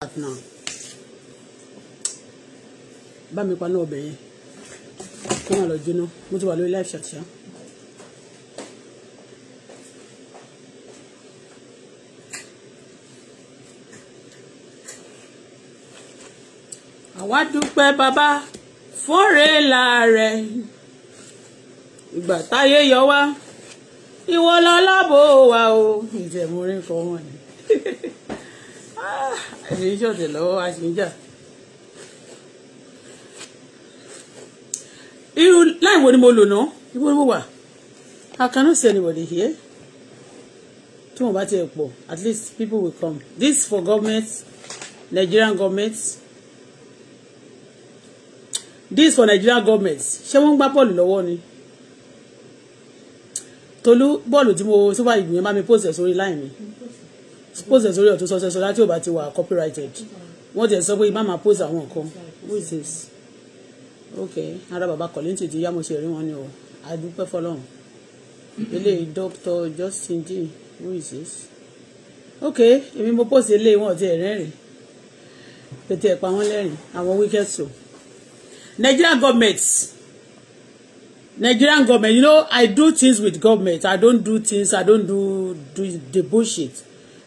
now bá mi paná ọbẹ̀ yẹn kó wọn lọ jóná mo ti wà lórí live chat ṣá. àwa dúpẹ́ bàbá fọ́nrẹ́ làárẹ̀ ìgbà táyé yọ wá ìwọ lọ lábò wà o ìjẹ̀mú orin kan wọ̀nyí. ẹ̀mí ṣọ̀tẹ̀ lọ́wọ́ a sì ń jà. irú láì wo ni mo I cannot see anybody here tí wọn bá tiẹ̀ at least people will come this for government Nigerian government this for Nigerian government ṣé wọ́n ń gbá the lọ́wọ́ Tolu, Tolú you tí mo tó bá ìgbìyànjú bá me pose? ẹ̀ sórí line mi post ẹ̀ sórí ọ̀tún sọ́sẹ́ sọ́dá tí ò bá ti wà copyrighted wọ́n ti ẹ̀ sọ pé ibà máa post àwọn nǹkan what is this okay ara bàbá kọ̀lẹ́ntì ti yá mo ṣe rí wọn ni o àdúpẹ́ fọlọ́run eléyìí Dr. Justin d who is this okay èmi mo post eléyìí wọn ti ẹ̀ rẹ́rìn pété ẹ̀ pa wọ́n lẹ́rìn àwọn wicked so Nigerian government Nigerian government you know I do things with government I don't do things I don't do do the bullshit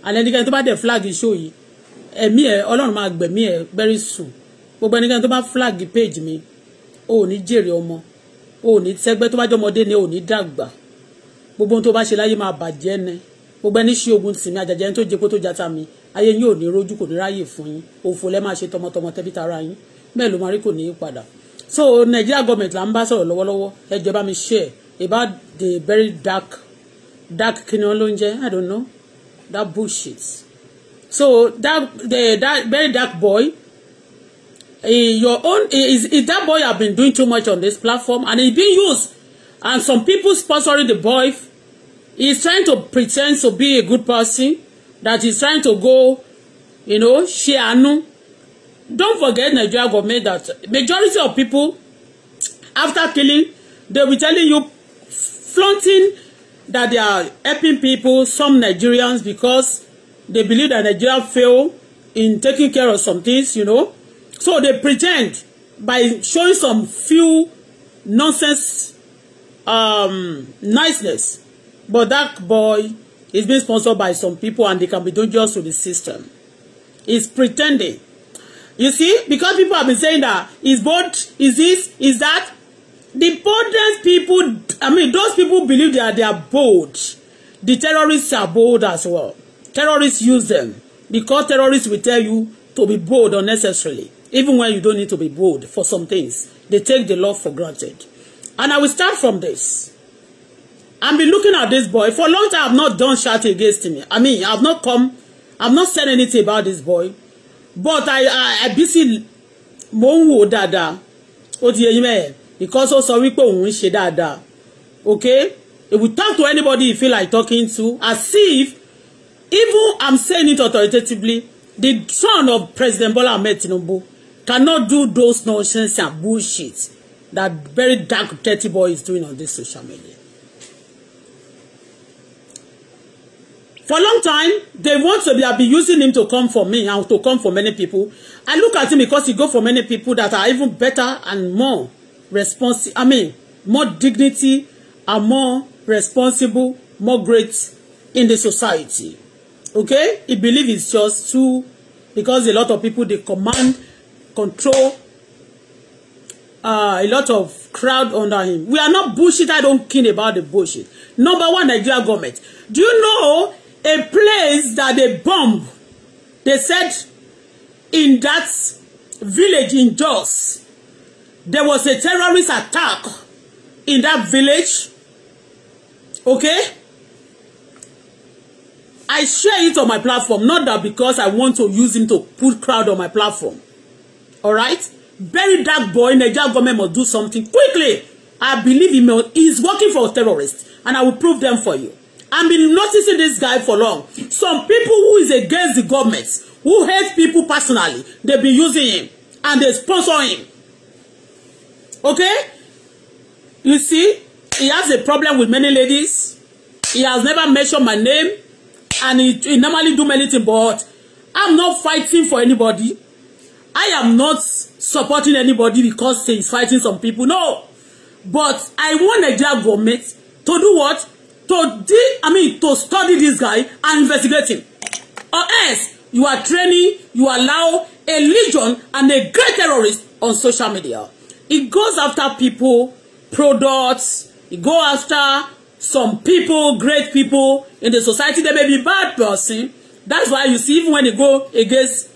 and ẹnikẹ́ni tó bá dẹ̀ flag show yìí ẹ̀mí ẹ̀ ọlọ́run máa gbẹ̀mí ẹ̀ very soon gbogbo ẹnikẹ́ni tó bá flag page mi o ò ní jèrè ọmọ o ò ní tẹ́gbẹ́ tó bá jẹ́ ọmọdé ni o ò ní dàgbà gbogbo ohun tó bá ṣe láyé máa bàjẹ́ ni gbogbo ẹni ṣe ogun tì mí àjàjẹ́ ẹni tó jẹ́ kó tó jata mi ayé yín ò ní rojú kò ní ráyè fún yín òfò lẹ́ máa ṣe tọmọtọmọ tẹ́bí tara yín bẹ́ẹ̀ ló máa rí kò ní í padà so Nigeria government là ń bá sọ̀rọ̀ lọ́wọ́lọ́wọ́ ẹ jọ̀ọ́ bá mi share about the very dark dark kí ni wọ́n ló ń jẹ́ I don't know that bullshit so that the that very dark boy in eh, your own eh, is, is that boy have been doing too much on this platform and he being used and some people sponsoring the boy he's trying to pretend to be a good person that he's trying to go you know share. àánú don't forget Nigeria government that majority of people after killing they'll be telling you flaunting that they are helping people, some Nigerians, because they believe that Nigeria fail in taking care of some things, you know. So they pretend by showing some few nonsense um, niceness. But that boy is being sponsored by some people and they can be dangerous to the system. He's pretending. You see, because people have been saying that is both, is this, is that, The boldest people, I mean, those people believe that they are bold. The terrorists are bold as well. Terrorists use them because terrorists will tell you to be bold unnecessarily, even when you don't need to be bold for some things. They take the law for granted. And I will start from this. I've been looking at this boy. For a long time, I've not done shout against him. I mean, I've not come, I've not said anything about this boy. But I, I, I busy mo ń wò dáadáa ti yẹ yín because ó sọ wípé òun ń ṣe dáadáa okay if we talk to anybody you feel like talking to as if even i'm saying it authoritatively the son of President Bola Ahmed Tinubu cannot do those nonsense and bullshit that very dark dirty boy is doing on this social media. For a long time, they want to be, I've been using him to come for me and to come for many people. I look at him because he go for many people that are even better and more responsible, I mean, more dignity and more responsible, more great in the society. Okay? He believe it's just too, because a lot of people, they command, control, uh, a lot of crowd under him. We are not bullshit. I don't care about the bullshit. Number one, Nigeria government. Do you know a place that they bomb? They said in that village in Jos, there was a terrorist attack in that village okay I share it on my platform not that because I want to use him to put crowd on my platform all right bury that boy Niger government must do something quickly I believe him he's working for terrorists and I will prove them for you I've been noticing this guy for long some people who is against the government who hate people personally they be using him and they sponsor him Okay? You see, he has a problem with many ladies. He has never mentioned my name. And he, he normally do many things, but I'm not fighting for anybody. I am not supporting anybody because he's fighting some people. No. But I want Nigeria government to do what? To di. I mean, to study this guy and investigate him. Or else, you are training, you allow a legion and a great terrorist on social media it goes after people, products, it go after some people, great people in the society. They may be bad person. That's why you see even when they go against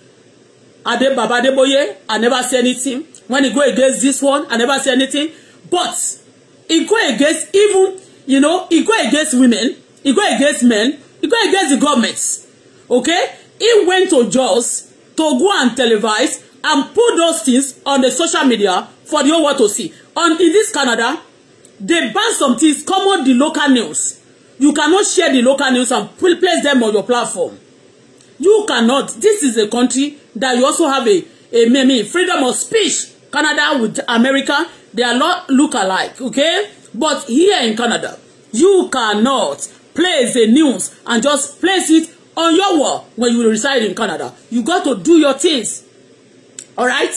Ade Baba Adeboye, I never say anything. When they go against this one, I never say anything. But it go against even, you know, it go against women, it go against men, it go against the government. Okay? He went to Jaws to go and televise and put those things on the social media for the whole world to see. On, in this Canada, they ban some things, come on the local news. You cannot share the local news and place them on your platform. You cannot. This is a country that you also have a, a maybe freedom of speech. Canada with America, they are not look alike, okay? But here in Canada, you cannot place the news and just place it on your wall when you reside in Canada. You got to do your things. All right?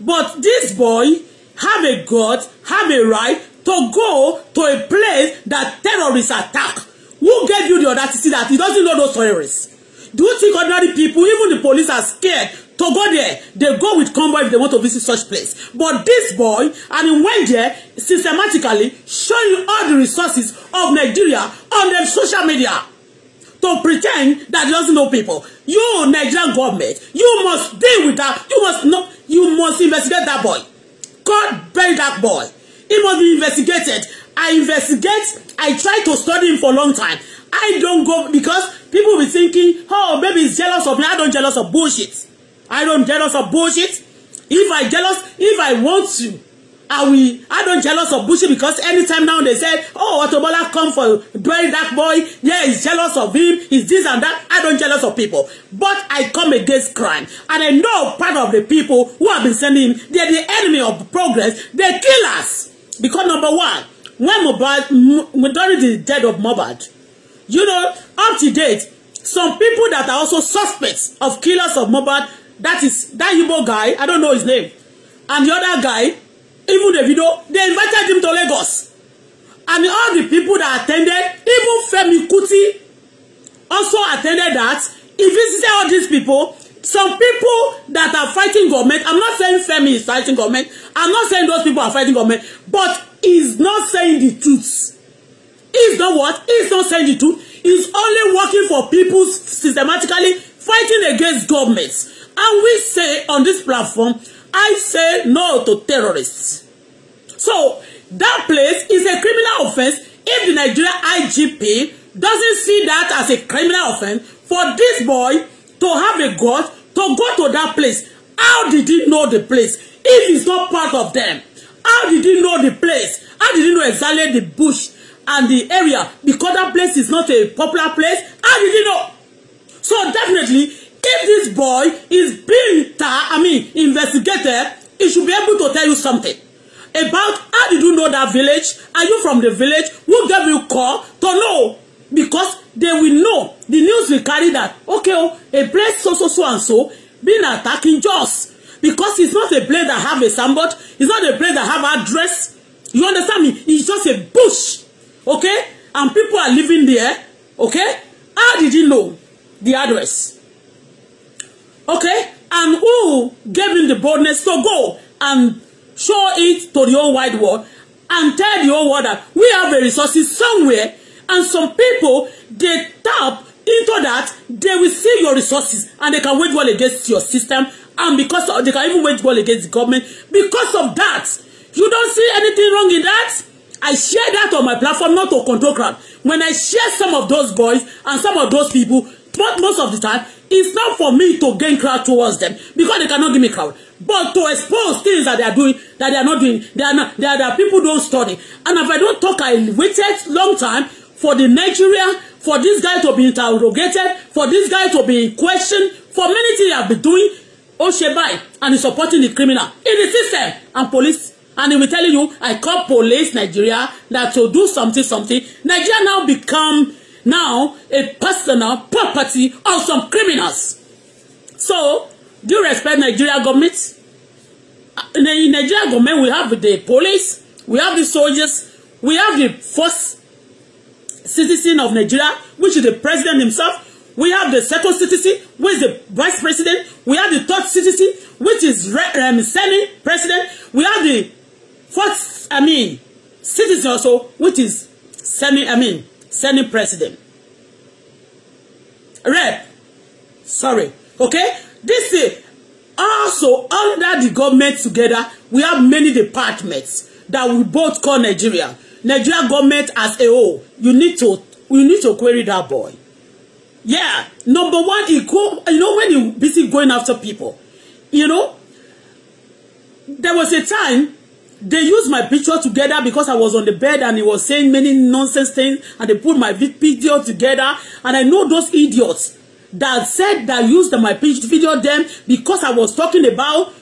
But this boy, have a God, have a right to go to a place that terrorists attack. Who gave you the audacity that he doesn't know those terrorists? Do you think ordinary people, even the police, are scared to go there. They go with convoy if they want to visit such place. But this boy, and he went there systematically, showing all the resources of Nigeria on their social media to pretend that he doesn't know people. You, Nigerian government, you must deal with that. You must know, you must investigate that boy. God bury that boy. He must be investigated. I investigate. I try to study him for a long time. I don't go because people be thinking, oh, maybe he's jealous of me. I don't jealous of bullshit. I don't jealous of bullshit. If I jealous, if I want to, I we I don't jealous of Bushi because anytime now they say, oh Otobola come for dwelling that boy, yeah, he's jealous of him, he's this and that. I don't jealous of people. But I come against crime. And I know part of the people who have been sending him, they're the enemy of progress, They kill us Because number one, when Mohbad during the death of Mohbad, you know, up to date, some people that are also suspects of killers of Mohbad, that is that Igbo guy, I don't know his name, and the other guy even the video, they invited him to Lagos. And all the people that attended, even Femi Kuti also attended that. He visited all these people. Some people that are fighting government, I'm not saying Femi is fighting government. I'm not saying those people are fighting government. But he's not saying the truth. He's not what? He's not saying the truth. He's only working for people systematically fighting against governments. And we say on this platform I say no to terrorists. So that place is a criminal offense if the Nigeria IGP doesn't see that as a criminal offense for this boy to have a gun to go to that place. How did he know the place if he's not part of them? How did he know the place? How did he know exactly the bush and the area? Because that place is not a popular place. How did he know? So definitely, if this boy is being tell you something about how did you know that village are you from the village who gave you call to know because they will know the news will carry that okay oh a place so so so and so been attacking Jos because it's not a place that have a signboard it's not a place that have address you understand me it's just a bush okay and people are living there okay how did you know the address okay and who gave him the boldness to go and show it to the whole wide world and tell the whole world that we have the resources somewhere and some people they tap into that they will see your resources and they can wage war against your system and because of, they can even wage war against the government because of that you don't see anything wrong in that I share that on my platform not to control crowd when I share some of those boys and some of those people but most of the time it's not for me to gain crowd towards them because they cannot give me crowd but to expose things that they are doing that they are not doing they are not they are that people don't study and if I don't talk I waited long time for the Nigeria for this guy to be interrogated for this guy to be questioned for many things they have been doing ó and he's supporting the criminal in the system and police and he will tell you I call police Nigeria that to do something something Nigeria now become now a personal property of some criminals so do you respect Nigeria government? In Nigeria government, we have the police, we have the soldiers, we have the first citizen of Nigeria, which is the president himself. We have the second citizen, which is the vice president. We have the third citizen, which is um, Senate president. We have the fourth, I mean, citizen also, which is semi, I mean, semi president. Rep, sorry, okay? this is also under the government together we have many departments that we both call Nigeria Nigeria government as a whole you need to you need to query that boy yeah number one he go you know when he busy going after people you know there was a time they used my picture together because I was on the bed and he was saying many nonsense things and they put my video together and I know those idiots that said that used my video them because I was talking about,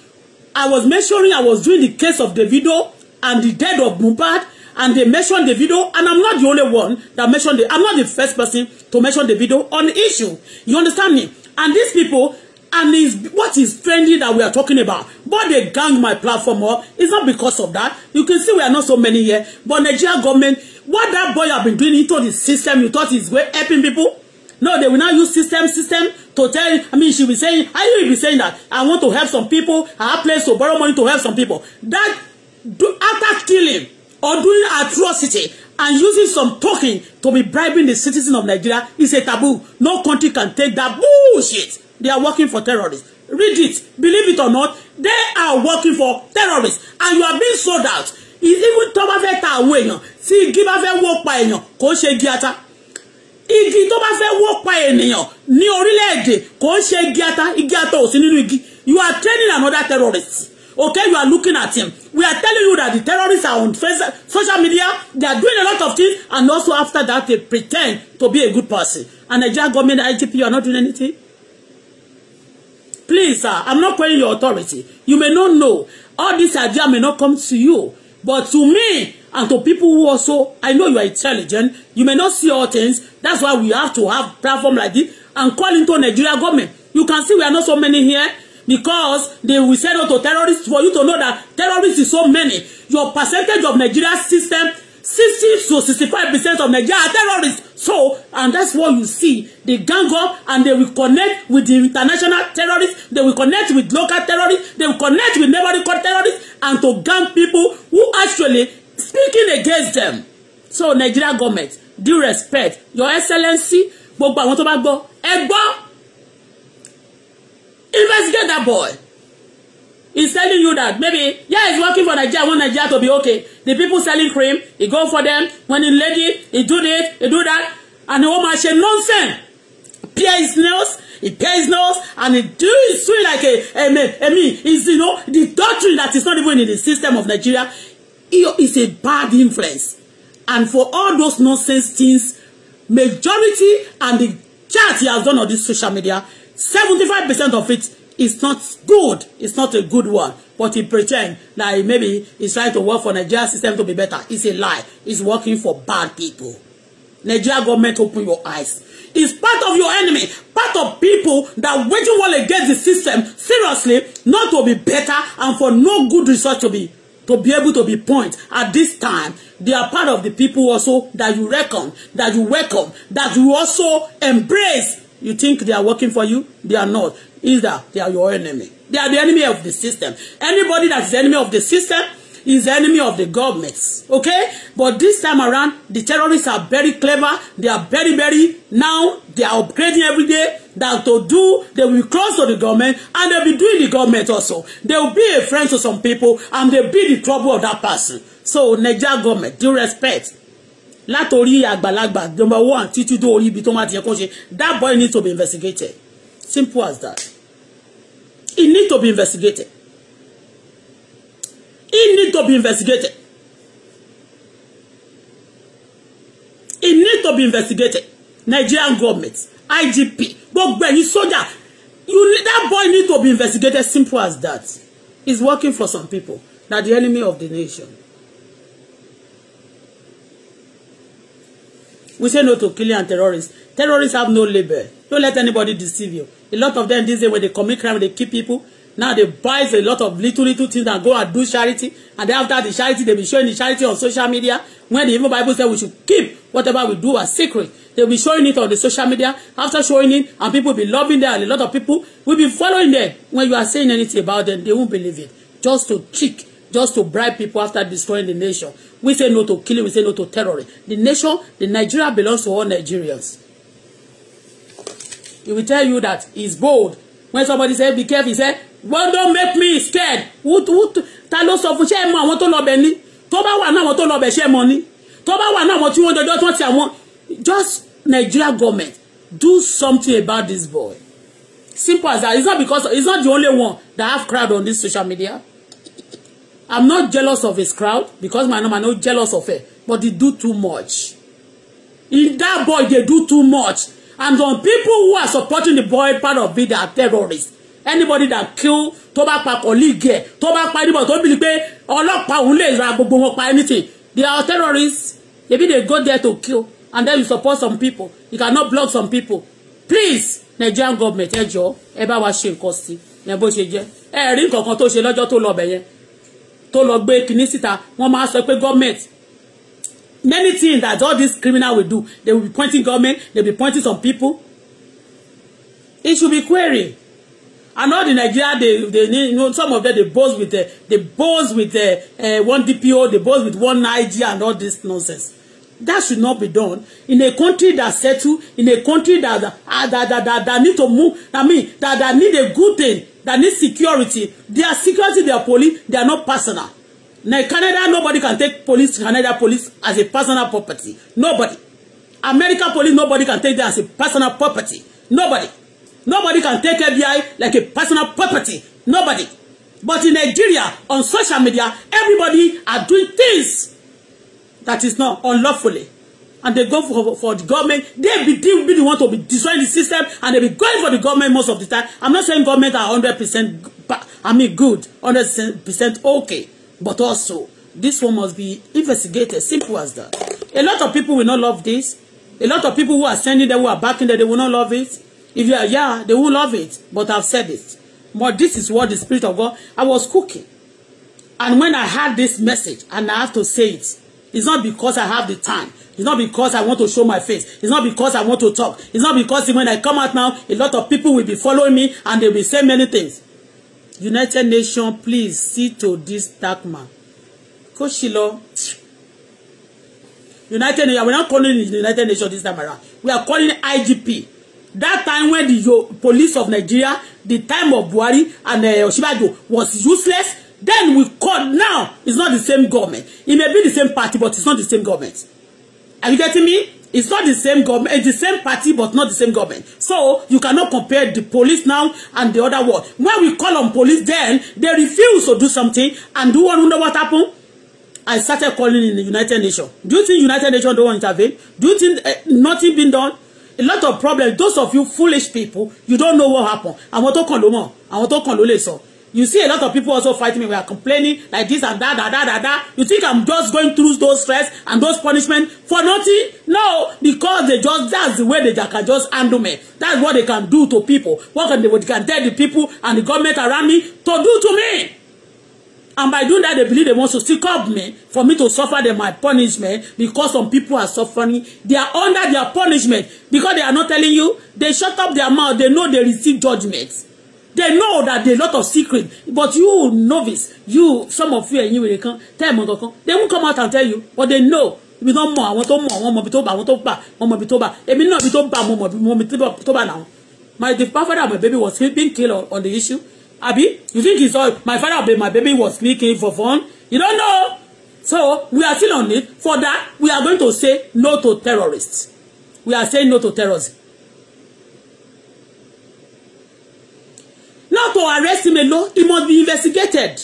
I was mentioning I was doing the case of the video and the death of Mohbad and they mentioned the video and I'm not the only one that mentioned it. I'm not the first person to mention the video on the issue. You understand me? And these people, and is what is trending that we are talking about but they gang my platform up it's not because of that you can see we are not so many here but Nigeria government what that boy have been doing into the system you thought is helping people No, they will now use system, system to tell, I mean, she will saying, I you be saying that I want to help some people, I have place to borrow money to help some people. That, do, after killing or doing atrocity and using some talking to be bribing the citizen of Nigeria is a taboo. No country can take that bullshit. They are working for terrorists. Read it. Believe it or not, they are working for terrorists. And you are being sold out. Even tó bá fẹ́ ta àwọn èèyàn tí igi bá fẹ́ wó pa igi tó bá fẹ́ wó pa ènìyàn ní orílẹ̀-èdè kò ń ṣe igi ata igi ata ò sí nínú igi you are training another terrorist okay you are looking at him we are telling you that the terrorists are on Facebook, social media they are doing a lot of things and also after that they pretend to be a good person and Nigeria government IGP you are not doing anything please sir i'm not calling your authority you may not know all this idea may not come to you but to me and to people who also I know you are intelligent you may not see all things that's why we have to have platform like this and call into Nigeria government you can see we are not so many here because they will send out to terrorists for you to know that terrorists is so many your percentage of Nigeria system 60 to 65 percent of Nigeria are terrorists so and that's what you see they gang up and they will connect with the international terrorists they will connect with local terrorists they will connect with neighboring terrorists and to gang people who actually speaking against them so Nigeria government due respect your excellency gbogbo àwọn tó bá gbọ́ ẹ investigate that boy he's telling you that maybe yeah he's working for Nigeria want Nigeria to be okay the people selling cream he go for them when he lady he do this he do that and the woman ṣe nonsense pierce his nails he his nails, and he do it swing like a, a, a, me. a, you know the doctrine that is not even in the system of Nigeria is a bad influence. And for all those nonsense things, majority and the chat he has done on this social media, 75% of it is not good. It's not a good one. But he pretend that maybe he's trying to work for Nigeria system to be better. It's a lie. It's working for bad people. Nigeria government, open your eyes. It's part of your enemy, part of people that waging war against the system, seriously, not to be better and for no good result to be to be able to be point at this time they are part of the people also that you reckon that you welcome that you also embrace you think they are working for you they are not either they are your enemy they are the enemy of the system anybody that is enemy of the system is enemy of the government. Okay? But this time around, the terrorists are very clever. They are very, very, now they are upgrading every day that to do, they will cross to the government and they'll be doing the government also. They will be a friend to some people and they'll be the trouble of that person. So, Niger government, due respect. Látorí àgbàlagbà, number one, títí dé orí ibi tó máa ti yẹ kó ṣe, that boy needs to be investigated. Simple as that. He needs to be investigated to be investigated. It need to be investigated. Nigerian government, IGP, gbogbo ẹ̀yin soldier, you need, that boy need to be investigated. Simple as that. He's working for some people that the enemy of the nation. We say no to killing and terrorists. Terrorists have no label. Don't let anybody deceive you. A lot of them these day when they commit crime, they kill people. Now they buy a lot of little, little things and go and do charity. And then after the charity, they be showing the charity on social media. When the even Bible said we should keep whatever we do as secret. they be showing it on the social media. After showing it, and people be loving there, and a lot of people will be following there. When you are saying anything about them, they won't believe it. Just to trick, just to bribe people after destroying the nation. We say no to killing, we say no to terrorism. The nation, the Nigeria belongs to all Nigerians. He will tell you that he's bold. When somebody say be careful, he say. God don't make me scared who who ta ló sọ fún ṣé ẹ mọ àwọn tó lọ bẹ̀ ni tó bá wà náà àwọn tó lọ bẹ̀ ṣé ẹ mọ ni tó bá wà náà àwọn tí wọ́n jọjọ́ tí wọ́n ti àwọn just Nigeria government do something about this boy simple as that it's not because it's not the only one that have crowd on this social media I'm not jealous of his crowd because my mama no jealous of her but he do too much in that boy dey do too much and some people who are supporting the boy part of it are terrorists anybody that kill tó bá pa colleague ẹ̀ tó bá pa anybody tó bìlí pé ọlọ́pàá òun lè ra gbogbo wọn pa anything they are terrorists maybe they go there to kill and then you support some people you cannot block some people please Nigerian government ẹ jọ̀ọ́ ẹ bá wa ṣe nǹkan sí ẹ bó ṣe jẹ́ ẹ rí nǹkan kan tó ṣe lọ́jọ́ tó lọ bẹ̀ yẹn tó lọ gbé kinní síta wọ́n máa government many things that all these criminal will do they will be pointing government they will be pointing some people it should be queried and all the Nigeria they they you know some of them they boast with the, uh, they boast with the uh, uh, one DPO they boast with one IG and all this nonsense that should not be done in a country that settle in a country that uh, that, that that that need to move I mean that that need a good thing that need security their security their police they are not personal now in Canada nobody can take police Canada police as a personal property nobody American police nobody can take them as a personal property nobody Nobody can take FBI like a personal property. Nobody. But in Nigeria, on social media, everybody are doing things that is not unlawfully. And they go for, for the government. They be, they be the one to be destroying the system and they be going for the government most of the time. I'm not saying government are 100% I mean good, 100% okay. But also, this one must be investigated. Simple as that. A lot of people will not love this. A lot of people who are sending them, who are backing them, they will not love it. If you are, yeah, they will love it, but I've said it. But this is what the Spirit of God, I was cooking. And when I had this message, and I have to say it, it's not because I have the time. It's not because I want to show my face. It's not because I want to talk. It's not because when I come out now, a lot of people will be following me and they will say many things. United Nations, please see to this dark man. Koshilo. United Nations, we're not calling the United Nations this time around. We are calling IGP that time when the police of Nigeria the time of Buhari and uh, eh, Oshibajo was useless then we call now it's not the same government it may be the same party but it's not the same government are you getting me it's not the same government it's the same party but not the same government so you cannot compare the police now and the other one when we call on police then they refuse to do something and do one know what happened I started calling in the United Nations do you think United Nations don't want to intervene do you think uh, nothing been done a lot of problems those of you foolish people you don't know what happened. I want to ló mọ̀ àwọn tó kàn ló lè you see a lot of people also fighting me we are complaining like this and that that that that, that. you think i'm just going through those stress and those punishment for nothing no because they just that's the way they can just handle me that's what they can do to people what can they, what they can tell the people and the government around me to do to me And by doing that, they believe they want to still curb me for me to suffer them my punishment because some people are suffering. They are under their punishment because they are not telling you. They shut up their mouth. They know they receive judgment. They know that they lot of secret. But you novice, you some of you and you will come tell them They won't come out and tell you, but they know. Ibi tó mọ̀ àwọn tó mọ̀ àwọn ọmọ ibi tó bá àwọn tó bá ọmọ ibi tó bá èmi náà ibi tó bá mo My father my baby was being killed on the issue Abi, you think it's all my father baby, my baby was speaking for fun? You don't know. So we are still on it. For that, we are going to say no to terrorists. We are saying no to terrorism. Not to arrest him alone, he must be investigated.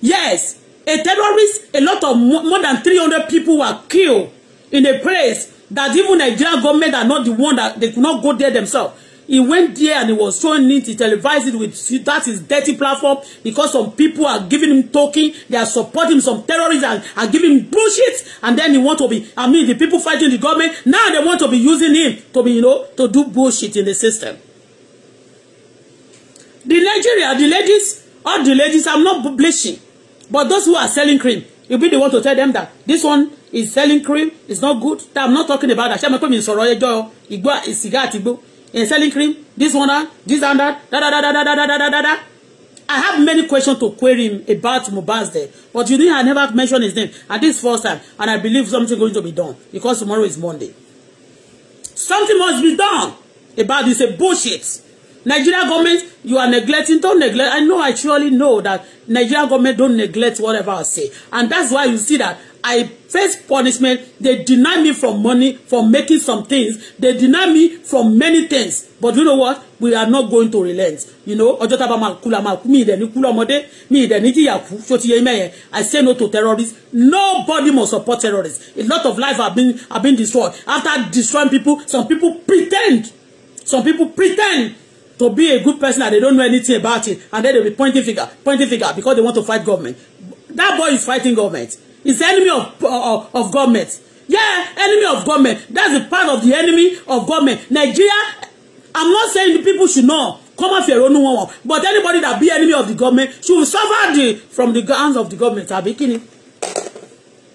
Yes, a terrorist, a lot of more than 300 people were killed in a place that even Nigerian government are not the one that they could not go there themselves. He went there and he was showing it, he televised it with that is dirty platform because some people are giving him talking, they are supporting some terrorists and are giving him bullshit, and then he want to be, I mean, the people fighting the government, now they want to be using him to be, you know, to do bullshit in the system. The Nigeria, the ladies, all the ladies, I'm not blushing, but those who are selling cream, you be the one to tell them that this one is selling cream, it's not good, that I'm not talking about that. Ṣé mo pè and selling cream, this one that, this and that, da da da da da da da da da da. I have many questions to query him about Mohbad's death, but you know I never mentioned his name at this first time, and I believe something going to be done because tomorrow is Monday. Something must be done about this bullshit. Nigeria government, you are neglecting, don't neglect. I know, I surely know that Nigeria government don't neglect whatever I say. And that's why you see that I face punishment. They deny me from money, from making some things. They deny me from many things. But you know what? We are not going to relent. You know, ọjọ́ tá a bá máa kú la máa kú. Mi ìdẹ̀ ní kú lọ́mọdé. Mi ìdẹ̀ ní jìyà ti yẹ mẹ́yẹn? I say no to terrorists. Nobody must support terrorists. A lot of lives have been, have been destroyed. After destroying people, some people pretend. Some people pretend to be a good person and they don't know anything about it. And then they be pointing finger, pointing finger because they want to fight government. That boy is fighting government. Is enemy of, of, uh, uh, of government. Yeah, enemy of government. That's a part of the enemy of government. Nigeria, I'm not saying the people should know. Come off your own one. But anybody that be enemy of the government should suffer the, from the hands of the government. Àbí kí ni?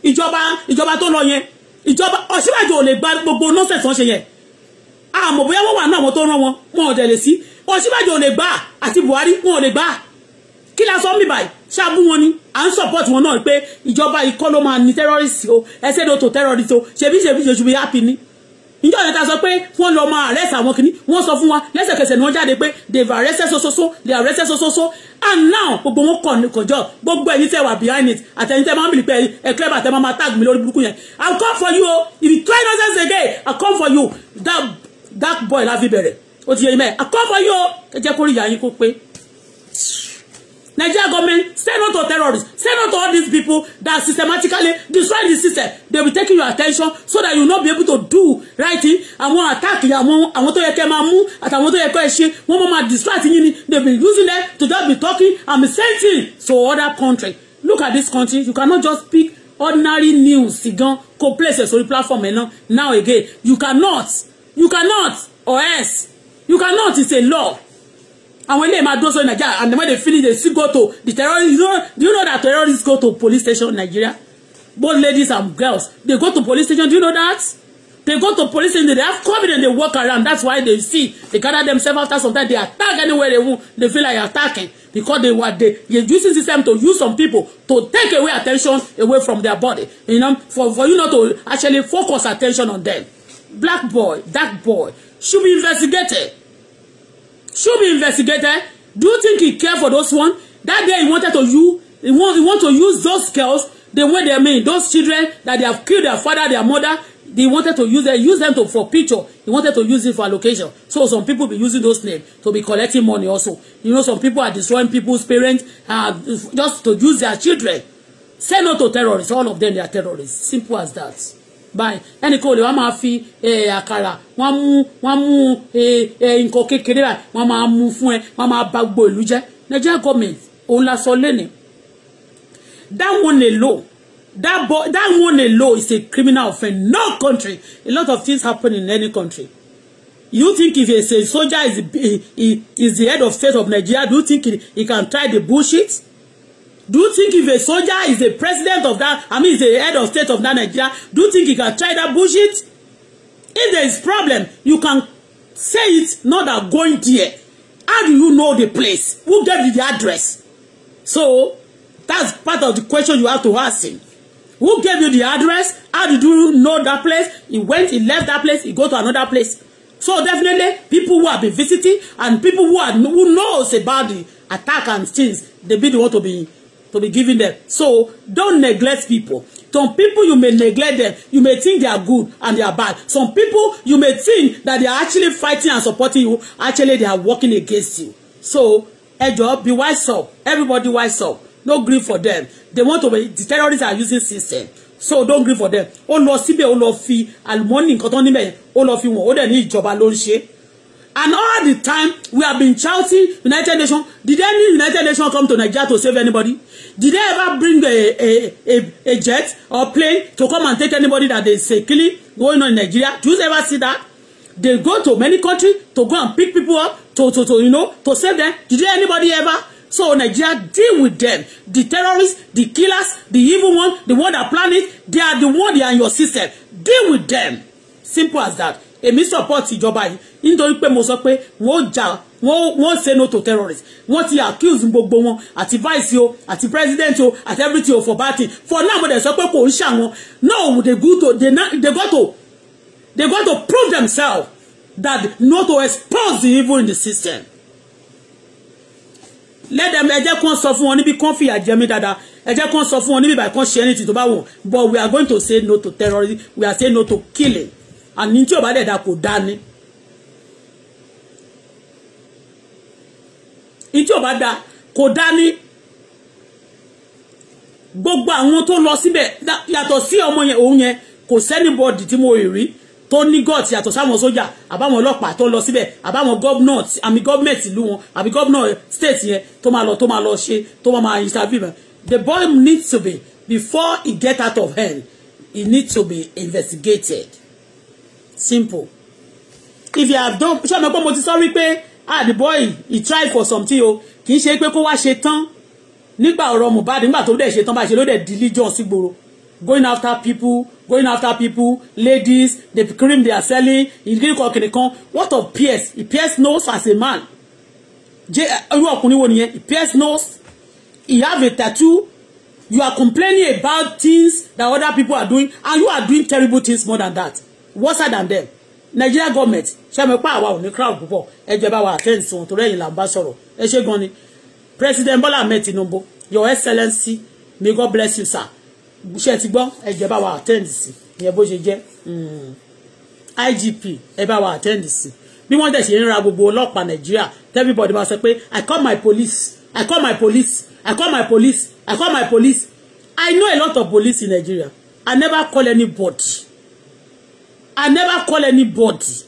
Ìjọba ìjọba tó lọ yẹn. Ìjọba Ọ̀ṣíwájú ò lè gba gbogbo nọ́ọ̀sẹ̀ tó ṣe yẹn. Àmọ́ bóyá wọ́n wà náà àwọn tó rán wọn. Wọn ò dẹ̀ sí. Ọ̀ṣíwájú ò lè gbà àti Buhari wọn ò lè gbà kí la sọ mí báyìí ṣáàbù wọn ni à ń support wọn náà pé ìjọba ikọ́ ló máa ní terrorist o ẹsẹ̀ ló tó terrorist o ṣebí ṣebí ṣe ṣubú happy ni ìjọ yẹn ta sọ pé wọ́n lọ máa arrest àwọn kìíní wọ́n sọ fún wa lẹ́sẹ̀kẹsẹ̀ ni wọ́n jáde pé They arrest so so so they arrest so so so and now gbogbo wọn kọ ní kọjọ gbogbo ẹ̀yin tẹ́ wà behind it àtẹ̀yin tẹ́ máa ń bìlì pé ẹ clever tẹ́ máa máa tag mi lórí burúkú yẹn i will come for you o if you try nonsense again i will come for you that that boy la fi bẹ̀rẹ̀ o ti yẹ yín mẹ i will come for you o ẹ jẹ́ kó rí ìyá yín kó pé. Nigeria government, say no to terrorists. Say no to all these people that systematically destroy the system. They will take your attention so that you will not be able to do right thing. Àwọn attack àwọn àwọn tó yẹ kẹ́ máa mú àtàwọn tó yẹ kẹ́ ṣe wọ́n máa distract yín ni. They be using them to just be talking and be sending to other country. Look at this country. You cannot just pick ordinary news gan ko place sórí platform ẹ̀ Now again, you cannot. You cannot or else. You cannot. It's a law. And when they eléyìí máa dúró sórí nàìjíríà and when they finish they still go to the terrorists you know, do you know that terrorists go to police station in nigeria both ladies and girls they go to police station do you know that they go to police station they have COVID and they walk around that's why they see they gather themselves after some time they attack anywhere they want they feel like attacking because they were they, they using system to use some people to take away attention away from their body you know for for you not to actually focus attention on them black boy dark boy should be investigated should be investigated do you think he care for those one that day he wanted to use he want he want to use those girls the way they mean those children that they have killed their father their mother they wanted to use them use them to for picture he wanted to use it for location. so some people be using those name to be collecting money also you know some people are destroying people's parents uh, just to use their children say no to terrorists all of them they are terrorists simple as that báyìí ẹnìkan ò lè wá máa fi àkàrà wọ́n mú wọ́n mú nǹkan kékeré báyìí wọ́n máa mú fún ẹ wọ́n máa bà gbogbo ìlú jẹ́ Nigeria goment òun la sọ lẹ́nì that one alone that boy that one alone is a criminal offence no country a lot of things happen in any country you think if a soldier is, is, is the head of state of Nigeria do you think he, he can try the bullshit Do you think if a soldier is the president of that, I mean, is the head of state of that Nigeria, do you think he can try that bullshit? If there is problem, you can say it, not that going there. How do you know the place? Who gave you the address? So, that's part of the question you have to ask him. Who gave you the address? How did you know that place? He went, he left that place, he go to another place. So definitely, people who have been visiting and people who are who knows about the attack and things, they be the one to be to be given them. So don't neglect people. Some people you may neglect them. You may think they are good and they are bad. Some people you may think that they are actually fighting and supporting you. Actually, they are working against you. So, Ejo, be wise up. Everybody wise up. No grief for them. They want to be, the terrorists are using system. So don't grieve for them. Ó lọ síbẹ̀ ó lọ fi àlùmọ́nì nǹkan tó níbẹ̀ ó lọ fi wọ́n ó dẹ̀ ní ìjọba ló ń ṣe. And all the time, we have been shouting, United Nations. Did any United Nations come to Nigeria to save anybody? Did they ever bring a, a, a, a jet or plane to come and take anybody that they say killing going on in Nigeria? Do you ever see that? They go to many countries to go and pick people up to, to, to you know, to save them. Did anybody ever? So Nigeria deal with them. The terrorists, the killers, the evil one, the one that plan it, they are the one that are in your system. Deal with them. Simple as that èmi support ìjọba yìí nítorí pé mo sọ pé wọ́n jà wọ́n ṣe no to terrorists wọ́n ti accuse gbogbo wọn àti vice o àti president o àti everything o for bad for now mo dẹ̀ sọ pé kò ń ṣàwọn no they go to they, they go to they go to prove themselves that not to expose the evil in the system let them ẹ jẹ́ kí wọ́n sọ fún wọn níbi kí wọ́n fìyà jẹ mí dáadáa ẹ jẹ́ sọ fún wọn níbi báyìí ṣe anything tó bá wù but we are going to say no to terrorism we are saying no to killing àní tí ò bá dẹ̀dá kò dá ni ìtí ò bá dá kò dá ni gbogbo àwọn tó lọ síbẹ̀ yàtọ̀ sí ọmọ yẹn òun yẹn kò sẹ́nibọ̀dì tí mo rí tó ní gọ́ọ̀tì yàtọ̀ sáwọn sójà àbáwọn ọlọ́pàá tó lọ síbẹ̀ àbáwọn gọ́ọ̀nà àmì gọ́ọ̀mẹ̀tì ìlú wọn àbí gọ́ọ̀nà state yẹn tó máa lọ tó máa lọ ṣe tó máa máa interview bẹ́ẹ̀ the boy needs to be before he get out of hell he needs to be investigated simple if you have done ṣé ọmọ pé mo ti sọ pé ah the boy he tried for something o kì í ṣe pé kó wá ṣe tán nígbà ọ̀rọ̀ Mohbad nígbà tó dẹ̀ ṣe tán báyìí ṣe ló dẹ̀ diligence sí gbòòrò going after people going after people ladies the cream they are selling ìdílé kan kìnìkan what of Pierce Pierce knows as a man jẹ irú ọkùnrin wo nìyẹn Pierce knows he have a tattoo you are complaining about things that other people are doing and you are doing terrible things more than that worse than them Nigeria government ṣe mi pa àwa ò ní crowd púpọ̀ ẹ jẹ́ bá wa attend sí wọn torí ẹ̀yin là ń bá sọ̀rọ̀ ẹ ṣe gan ni President Bola Ahmed Tinubu your excellency may God bless you sir ṣe ti gbọ́ ẹ jẹ́ bá wa attend sí ìyẹn bó ṣe jẹ́ hmm. IGP ẹ bá wa attend sí bí wọ́n dẹ̀ ṣe ń ra gbogbo ọlọ́pàá Nàìjíríà everybody máa sọ pé I call my police I call my police I call my police I call my police I know a lot of police in Nigeria I never call any anybody. I never call anybody.